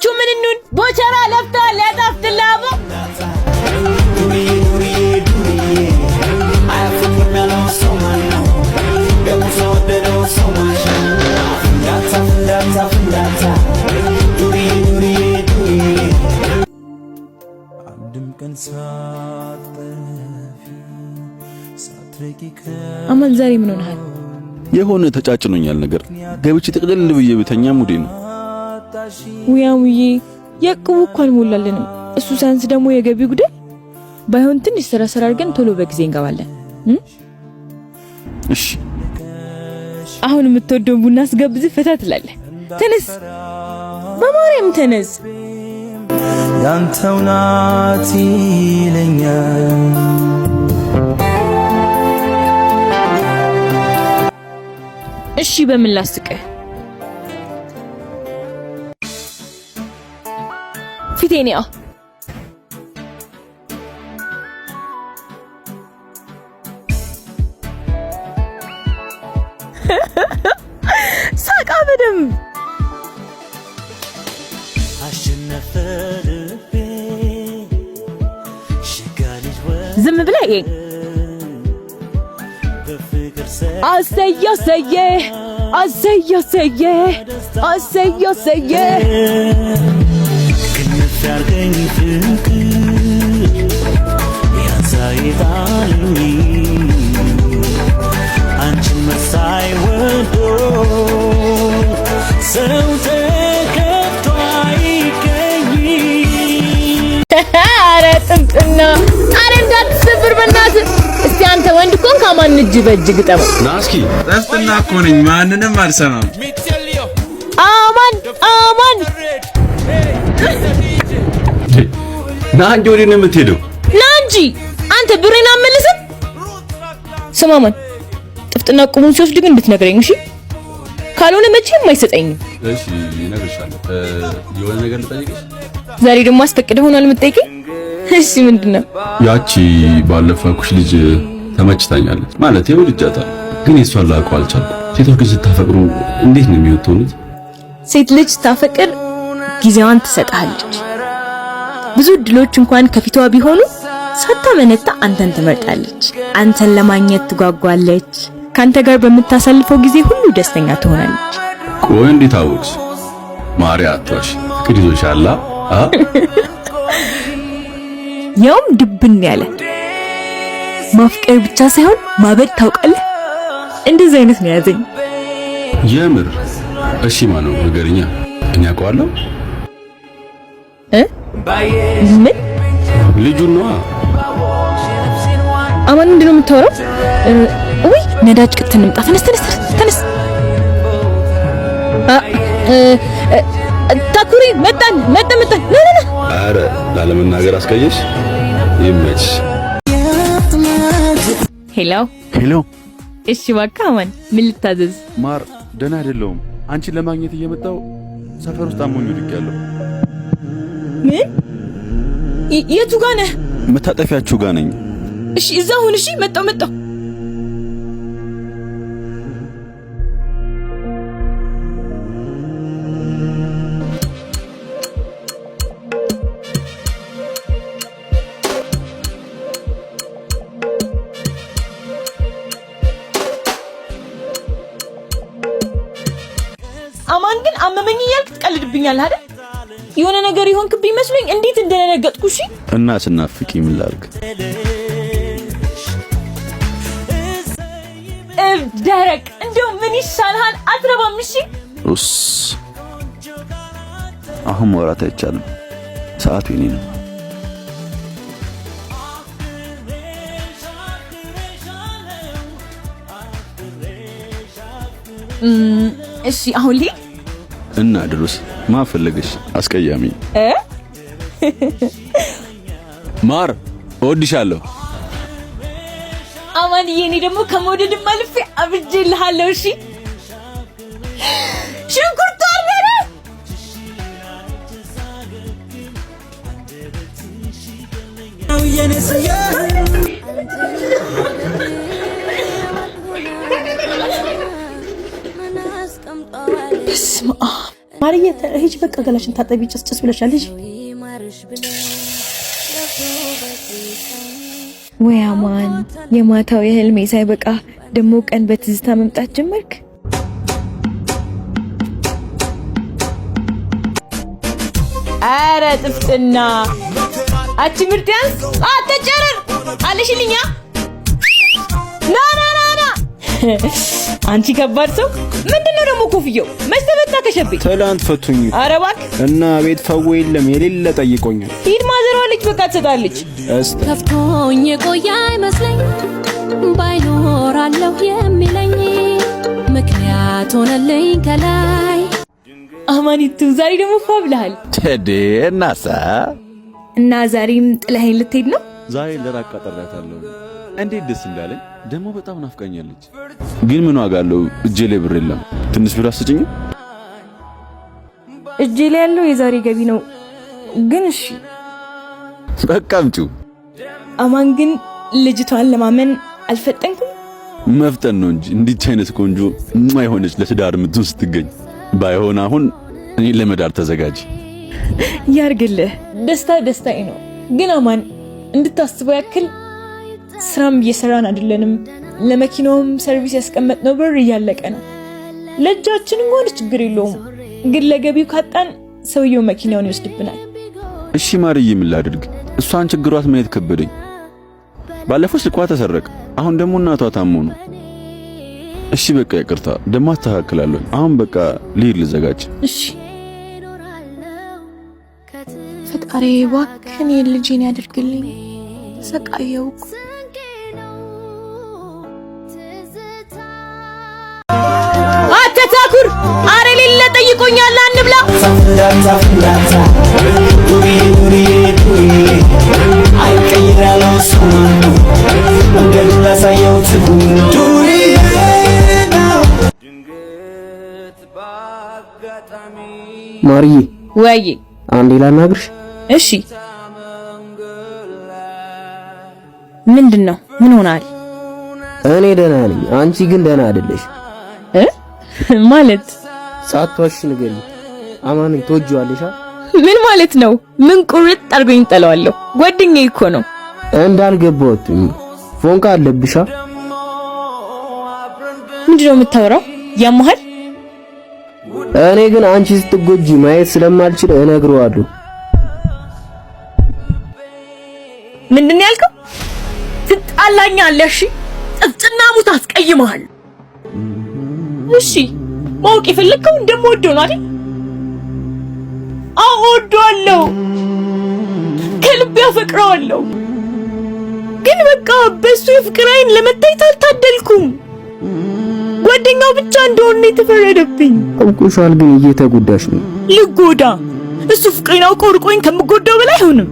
ሁላችሁ ምን እንሁን? ቦቸራ ለፍታ ሊያጣፍ ድላቦ አማን ዛሬ ምን ሆነሃል? የሆነ ተጫጭኖኛል ነገር ገብቼ ጥቅልል ብዬ ብተኛ ሙዴ ነው ውያሙዬ የቅቡ እኮ አልሞላልንም። እሱ ሳያንስ ደግሞ የገቢ ጉዳይ ባይሆን ትንሽ ስራ ስራ አድርገን ቶሎ በጊዜ እንገባለን። እሺ አሁን የምትወደውን ቡና አስገብዝ፣ ፈታ ትላለህ። ተነስ፣ በማርያም ተነስ። ያንተው ናት ይለኛል። እሺ በምን ላስቅህ? ፊቴን ያው ሳቃ በደምብ ዝም ብለህ ይሄ አሰየ አሰየ አሰየ አሰየ አሰየ አሰየ ሲያርገኝ ፍቅር ያሳይጣልኝ አንቺን መርሳይ ወዶ ሰው ተከቶ አይገኝ። አረ ጥብጥና አረ እንዳትሰብር በእናትህ። እስቲ አንተ ወንድ ኮን ከማን እጅ በእጅ ግጠም ናስኪ ጥብጥና እኮ ነኝ ማንንም አልሰማም። አማን አማን ና እንጂ ወዴት ነው የምትሄደው? ና እንጂ አንተ ብሬን አመለስም። ስማማን ጥፍጥና ቁሙን ሲወስድ ግን እንድትነግረኝ እሺ። ካልሆነ መቼም አይሰጠኝም። እሺ እነግርሻለሁ። የሆነ ነገር ልጠይቅሽ። ዛሬ ደግሞ አስፈቅደ ሆኗል የምትጠይቀኝ? እሺ ምንድን ነው? ያቺ ባለፈኩሽ ልጅ ተመችታኛለች ማለት ይኸው ልጃታል፣ ግን የሷን ላውቀው አልቻልኩም። ሴቶች ልጅ ስታፈቅሩ እንዴት ነው የሚወጡት? ሴት ልጅ ታፈቅር ጊዜዋን ትሰጣለች። ብዙ እድሎች እንኳን ከፊቷ ቢሆኑ ሳታመነታ አንተን ትመርጣለች። አንተን ለማግኘት ትጓጓለች። ካንተ ጋር በምታሳልፈው ጊዜ ሁሉ ደስተኛ ትሆናለች። ቆይ እንዴት አወቅሽ? ማርያ አትዋሽ፣ ፍቅር ይዞሻል። ያውም ድብን ያለ ማፍቀር ብቻ ሳይሆን ማበድ ታውቃለህ። እንደዚህ አይነት ነው ያዘኝ የምር። እሺ ማነው ነገርኛ? እኛ አውቀዋለሁ እ ምን ልጁ ነዋ። አማን ምንድን ነው የምታወራው? ወይ ነዳጅ ቅትን እንምጣ። ተነስ ተነስ ተነስ። ታኩሪ መጣን መጣን መጣን። ና ና ና። አረ ላለመናገር አስቀየሽ። ይመችሽ። ሄሎ ሄሎ። እሺ እባክህ አማን ምን ልታዘዝ? ማር ደህና አይደለሁም። አንቺን ለማግኘት እየመጣው ሰፈር ውስጥ አሞኝ ልክ ምን? የቱ ጋ ነህ? መታጠፊያችሁ ጋ ነኝ። እሺ፣ እዛ ሁን። እሺ፣ መጣሁ መጣሁ። አማን ግን አመመኝ እያልክ ትቀልድብኛለህ አይደል? ነገር ክብ ይመስለኝ እንዴት እንደነገጥኩ። እሺ እና ስናፍቂ ምን ላድርግ? ደረቅ እንደው ምን ይሻልሃል? አትረባም። እሺ ኡስ አሁን መውራት አይቻልም። ሰዓቱ የኔ ነው። እሺ አሁን ልሂድ እና ድሩስ ማን ፈለገሽ? አስቀያሚ ማር እወድሻለሁ። አማንዬ እኔ ደግሞ ከመውደድም አልፌ አብጅልሃለሁ። እሺ ሽንኩርቱ አልበረ በስመ አብ ማርዬ፣ ሂጂ በቃ ገላሽን ታጠቢ፣ ጭስ ጭስ ብለሻል። ሂጂ ወይ አማን፣ የማታው የህልሜ ሳይበቃ ደግሞ ቀን በትዝታ መምጣት ጀመርክ። አረ ጥፍጥና አቺ ምርዲያንስ አተጨረር አለሽልኛ ናና አንቺ ከባድ ሰው ምንድነው ደግሞ ኮፍየው? መች ተበታ ትላንት ፈቱኝ። ኧረ እባክህ እና ቤት ፈው የለም የሌለ ጠይቆኛል። ሂድ ማዘሯ ልጅ በቃ ትሰጣለች። ከፍቶኝ የቆየ አይመስለኝ ባይኖራለሁ የሚለኝ ምክንያት ሆነልኝ ከላይ አማኒቱ ዛሬ ደግሞ ፋብልሃል እና ዛሬም ጥለኸኝ ልትሄድ ነው ዛሬ ለራቅ አጠራታለሁ። እንዴት ደስ እንዳለኝ ደግሞ በጣም ናፍቃኛለች። ግን ምን ዋጋ አለው? እጄ ላይ ብር የለም። ትንሽ ብር አስጭኝ። እጄ ላይ ያለው የዛሬ ገቢ ነው። ግን እሺ በቃ አምጪው። አማን ግን ልጅቷን ለማመን አልፈጠንኩም። መፍጠን ነው እንጂ እንዲች አይነት ቆንጆ የማይሆነች ለትዳር ምትን ስትገኝ ባይሆን አሁን እኔ ለመዳር ተዘጋጅ ያርግልህ። ደስታ ደስታዬ ነው ግን አማን እንድታስበው ያክል ስራም እየሰራን አይደለንም። ለመኪናውም ሰርቪስ ያስቀመጥነው ብር እያለቀ ነው። ለእጃችንም ሆነ ችግር የለውም፣ ግን ለገቢው ካጣን ሰውየው መኪናውን ይወስድብናል። እሺ ማርዬ፣ ምን ላድርግ? እሷን ችግሯት ማየት ከበደኝ። ባለፈው ስልኳ ተሰረቀ፣ አሁን ደግሞ እናቷ ታሞ ነው። እሺ በቃ ይቅርታ፣ ደግሞ አስተካክላለሁ። አሁን በቃ ልሂድ ልዘጋጅ። እሺ ፈጣሪ እባክህን ልጄን ያደርግልኝ። ሰቃየው አተታኩር አረ ሌለ ጠይቆኛል። አንብላ ማርዬ፣ ወይ አንዴ ላናግርሽ እሺ ምንድን ነው? ምን ሆናል? እኔ ደህና ነኝ፣ አንቺ ግን ደህና አይደለሽ። ማለት ሳትዋሽ ንገል አማኑኝ ትወጂዋለሽ? ምን ማለት ነው? ምን ቁርጥ አድርጎኝ እጠለዋለሁ። ጓደኛዬ እኮ ነው። እንዳልገባሁት ፎንቃ አለብሻ? ምንድን ነው የምታወራው? ያመሃል? እኔ ግን አንቺ ስትጎጂ ማየት ስለማልችል እነግረዋለሁ። ምንድን ያልከው? ትጣላኛለህ? እሺ፣ ጥፍጥና ሙት አስቀይመሃለሁ። እሺ፣ ማወቅ የፈለግከው እንደምወደው ነው አይደል? አዎ፣ እወደዋለሁ፣ ከልቤ አፈቅረዋለሁ። ግን በቃ በሱ የፍቅር ዓይን ለመታየት አልታደልኩም። ጓደኛው ብቻ እንደሆነ የተፈረደብኝ። አውቆሻል፣ ግን እየተጎዳሽ ነው። ልጎዳ? እሱ ፍቅሬን አውቆ ርቆኝ ከምጎዳው በላይ አይሆንም።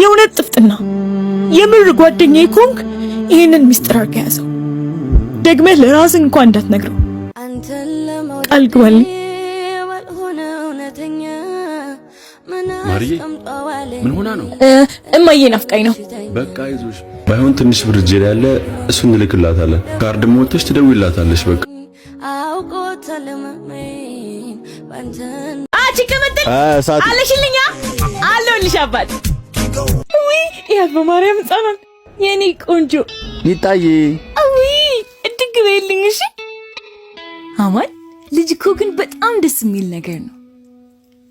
የእውነት ጥፍጥና የምር ጓደኛዬ ኮንክ ይህንን ምስጢር አድርጋ ያዘው። ደግመህ ለራስህ እንኳን እንዳትነግረው ቃል ግባልኝ። ማርዬ ምን ሆና ነው? እማዬ ናፍቃኝ ነው። በቃ ይዞሽ ባይሆን ትንሽ ብር እጄ ላይ ያለ እሱን እንልክላታለን። ካርድ ሞተሽ ትደውይላታለሽ። በቃ አንቺ ከመጣሽ አለሽልኛ አለሁልሽ አባት ያት በማርያም ህጻናት የኔ ቆንጆ ሊጣዬ አዊ እድግ በይልኝ። እሺ አማን ልጅ እኮ ግን በጣም ደስ የሚል ነገር ነው።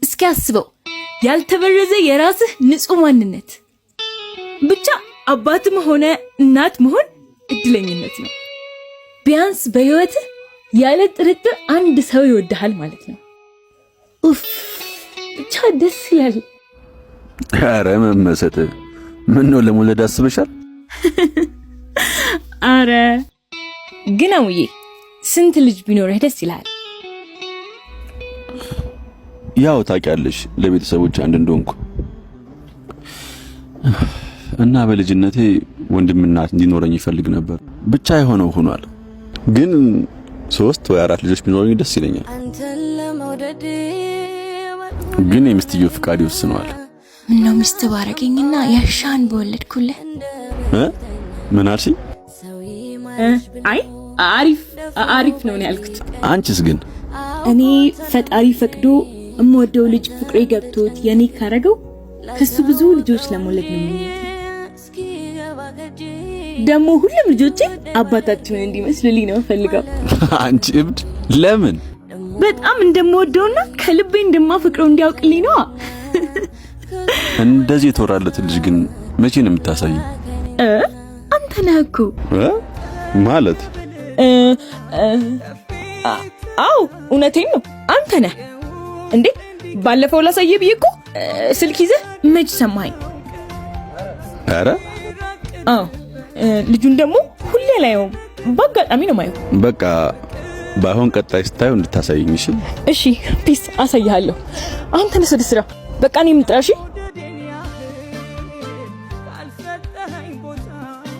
እስኪ አስበው፣ ያልተበረዘ የራስህ ንጹህ ማንነት። ብቻ አባትም ሆነ እናት መሆን እድለኝነት ነው። ቢያንስ በህይወትህ ያለ ጥርጥር አንድ ሰው ይወድሃል ማለት ነው። ኡፍ ብቻ ደስ ይላል። አረ መመሰት ምን ነው ለመውለድ አስበሻል? አረ ግን አውዬ ስንት ልጅ ቢኖርህ ደስ ይላል? ያው ታውቂያለሽ ለቤተሰቦች አንድ እንደሆንኩ እና በልጅነቴ ወንድምና እንዲኖረኝ ይፈልግ ነበር። ብቻ የሆነው ሆኗል። ግን ሶስት ወይ አራት ልጆች ቢኖረኝ ደስ ይለኛል። ግን የሚስትየው ፍቃድ ይወስነዋል። ምን ነው ሚስት ባረገኝና ያሻን በወለድኩልህ። ምን አልሽ? አይ አሪፍ አሪፍ ነው ያልኩት። አንቺስ ግን? እኔ ፈጣሪ ፈቅዶ እምወደው ልጅ ፍቅሬ ገብቶት የኔ ካረገው ከሱ ብዙ ልጆች ለመውለድ ነው። ደግሞ ሁሉም ልጆቼ አባታችንን እንዲመስልልኝ ነው ፈልገው። አንቺ እብድ! ለምን? በጣም እንደምወደውና ከልቤ እንደማፈቅረው እንዲያውቅልኝ ነዋ። እንደዚህ የተወራለትን ልጅ ግን መቼ ነው የምታሳይ? አንተ ነህ እኮ ማለት። አዎ እውነቴን ነው፣ አንተ ነህ እንዴ! ባለፈው ላሳየ ብዬ እኮ ስልክ ይዘህ መች ሰማኸኝ? ኧረ አዎ። ልጁን ደግሞ ሁሌ ላየውም በአጋጣሚ ነው ማየው። በቃ ባይሆን ቀጣይ ስታየው እንድታሳይኝ እሺ፣ እሺ፣ ፒስ፣ አሳይሃለሁ። አንተ ነህ ወደ ስራ። በቃ እኔ የምጥራሽ